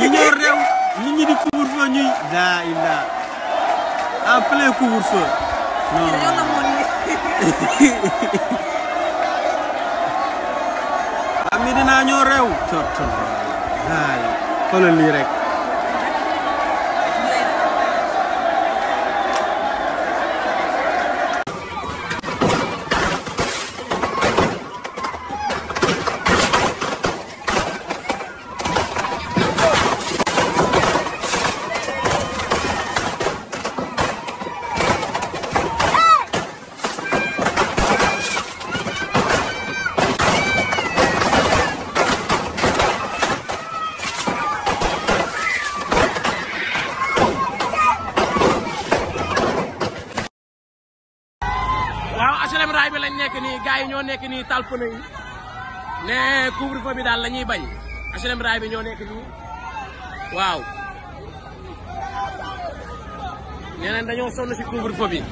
ñi ñoo réew nit ñi di couvre-feu ñuy la illa en plein couvre-feu non am mi dinaa ñoo réew tot waaw HLM raay bi lañ nekk nii gars yi ñoo nekk nii tal pneu yi ne bi daal la ñuy bañ HLM raay bi ñoo nekk nii waaw nee nañ dañoo sonn si couvre-feu